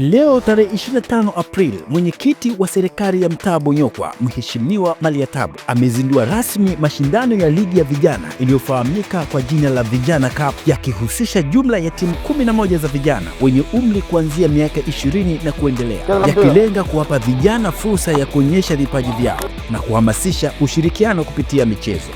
Leo tarehe 25 Aprili, mwenyekiti wa serikali ya mtaa Bonyokwa, Mheshimiwa Maliatabu amezindua rasmi mashindano ya ligi ya vijana iliyofahamika kwa jina la Vijana Cup, yakihusisha jumla ya timu 11 za vijana wenye umri kuanzia miaka 20 na kuendelea, yakilenga kuwapa vijana fursa ya kuonyesha vipaji vyao na kuhamasisha ushirikiano kupitia michezo.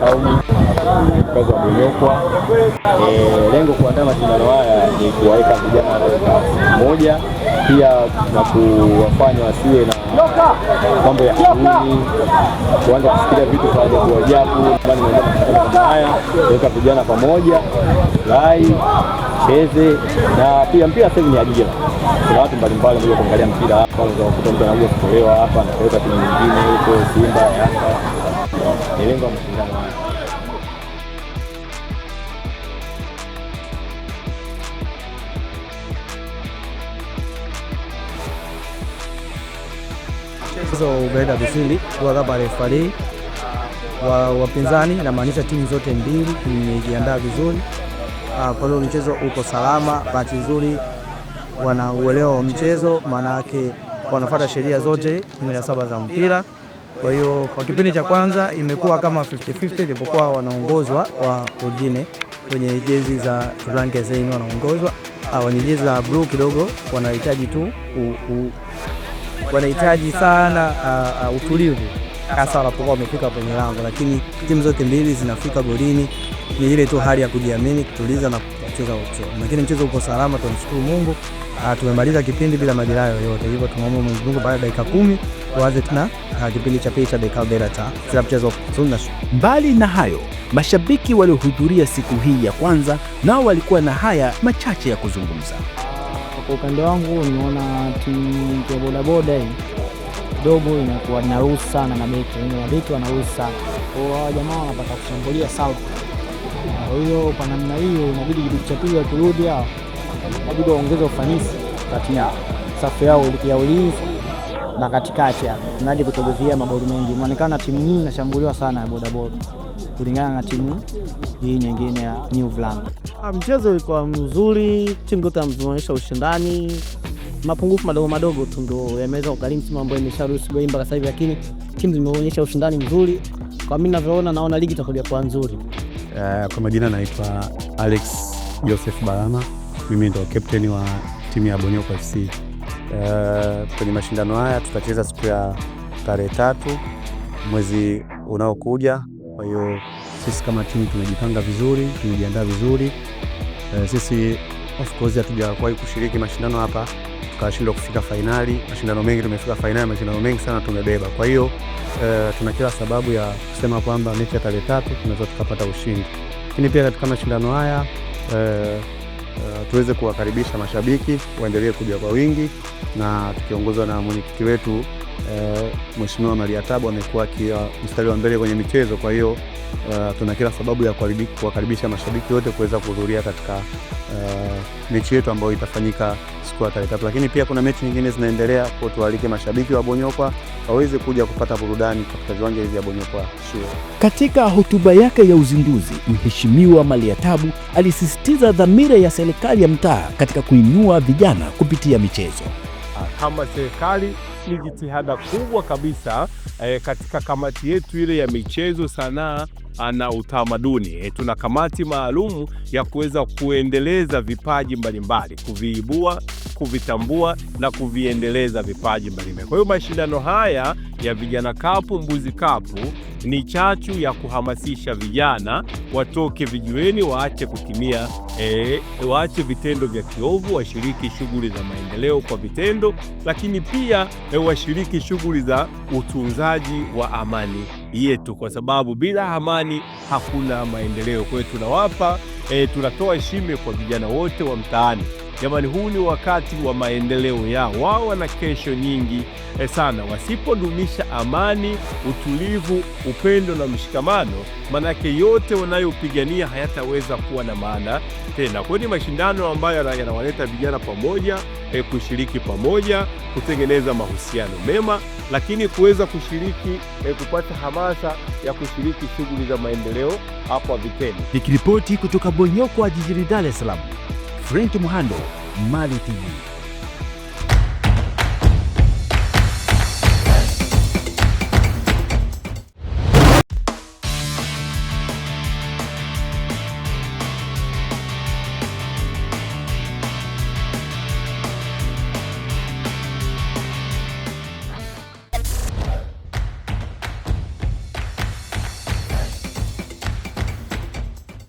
Kaumi kazi wa Bunyokwa. Eh, lengo kuandaa mashindano haya ni kuwaweka vijana katika moja, pia na kuwafanya wasiwe na mambo ya kuni, kuanza kufikiria vitu vya kuajabu. Haya kuweka vijana pamoja, rai cheze na pia mpira. Sasa ni ajira, kuna watu mbalimbali kuja kuangalia mpira hapa, kuta mtu anakuja kutolewa hapa, kuweka timu nyingine huko, Simba, Yanga malengo ya mashindano haya. Mchezo umeenda vizuri kwa kama refari wa wapinzani, namaanisha timu zote mbili imejiandaa vizuri. Ah, kwa hiyo mchezo uko salama. Bahati nzuri wanauelewa wa mchezo, maana yake wanafuata sheria zote 17 za mpira. Kwa hiyo kwa kipindi cha kwanza imekuwa kama 50-50 ilipokuwa wanaongozwa wa wengine kwenye jezi za rangi zeni wanaongozwa ah, wenye jezi za blue kidogo wanahitaji tu u, u, wanahitaji sana uh, uh, utulivu hasa wanapokuwa wamefika kwenye lango, lakini timu zote mbili zinafika golini, ni ile tu hali ya kujiamini, kutuliza na kucheza ucho, lakini mchezo uko salama, tunamshukuru Mungu. Ah, tumemaliza kipindi bila madhara yoyote, hivyo tunaomba Mwenyezi Mungu baada ya dakika kumi tuanze tena ah, kipindi cha pili cha dakika bila ta kila mchezo. Mbali na hayo, mashabiki waliohudhuria siku hii ya kwanza nao walikuwa na haya machache ya kuzungumza. Kwa upande wangu, nimeona timu ya bodaboda hii kidogo inakuwa inaruhusu sana na beki, mabeki yaani, wanaruhusu sana kwa jamaa wanapata kushambulia sana kwa hiyo kwa namna hiyo inabidi kitu cha pili wakirudi hao inabidi waongeze ufanisi kati ya safu yao ya ulinzi na katikati hapo, naje kutogezea magoli mengi. Inaonekana timu hii inashambuliwa sana ya bodaboda kulingana na timu hii nyingine ya New Vlam. Ah, mchezo ulikuwa mzuri, timu zote zimeonyesha ushindani, mapungufu madogo madogo tu ndio yameweza kugharimu timu ambayo imesharuhusu goli mpaka sasa hivi, lakini timu zimeonyesha ushindani mzuri. Kwa mimi ninavyoona, naona ligi itakuwa nzuri. Uh, kwa majina naitwa Alex Joseph Barama, mimi ndo captain wa timu ya Bonyokwa FC. Uh, eh, kwenye mashindano haya tutacheza siku ya tarehe tatu mwezi unaokuja. Kwa hiyo sisi kama timu tumejipanga vizuri, tumejiandaa vizuri. Uh, sisi of course hatujawahi kushiriki mashindano hapa tukashindwa kufika fainali. Mashindano mengi tumefika fainali, mashindano mengi sana tumebeba. Kwa hiyo uh, tuna kila sababu ya kusema kwamba mechi ya tarehe tatu tunaweza tukapata ushindi, lakini pia katika mashindano haya uh, Uh, tuweze kuwakaribisha mashabiki waendelee kuja kwa wingi na tukiongozwa na mwenyekiti wetu Eh, Mheshimiwa Maria Tabu amekuwa akiwa mstari wa mbele kwenye michezo. Kwa hiyo uh, tuna kila sababu ya kuwakaribisha mashabiki wote kuweza kuhudhuria katika uh, mechi yetu ambayo itafanyika siku ya tarehe tatu, lakini pia kuna mechi nyingine zinaendelea, kwa tualike mashabiki wa Bonyokwa waweze kuja kupata burudani katika viwanja hivi vya Bonyokwa Shule. Katika hotuba yake ya uzinduzi, Mheshimiwa Maria Tabu alisisitiza dhamira ya serikali ya mtaa katika kuinua vijana kupitia michezo. Ah, kama serikali ni jitihada kubwa kabisa eh, katika kamati yetu ile ya michezo, sanaa ah, na utamaduni e, tuna kamati maalum ya kuweza kuendeleza vipaji mbalimbali, kuviibua, kuvitambua na kuviendeleza vipaji mbalimbali. Kwa hiyo mashindano haya ya Vijana Kapu Mbuzi Kapu ni chachu ya kuhamasisha vijana watoke vijiweni, waache kutimia e, waache vitendo vya kiovu, washiriki shughuli za maendeleo kwa vitendo, lakini pia e, washiriki shughuli za utunzaji wa amani yetu, kwa sababu bila amani hakuna maendeleo. Kwa hiyo tunawapa e, tunatoa heshima kwa vijana wote wa mtaani. Jamani, huu ni wakati wa maendeleo yao. Wao wana kesho nyingi e sana. Wasipodumisha amani, utulivu, upendo na mshikamano, manake yote wanayopigania hayataweza kuwa na maana tena. Kwa hiyo ni mashindano ambayo yanawaleta vijana pamoja, e, kushiriki pamoja, kutengeneza mahusiano mema, lakini kuweza kushiriki, e, kupata hamasa ya kushiriki shughuli za maendeleo hapa vitendo. Nikiripoti kutoka Bonyokwa jijini Dar es Salaam frank Muhando, Mali TV.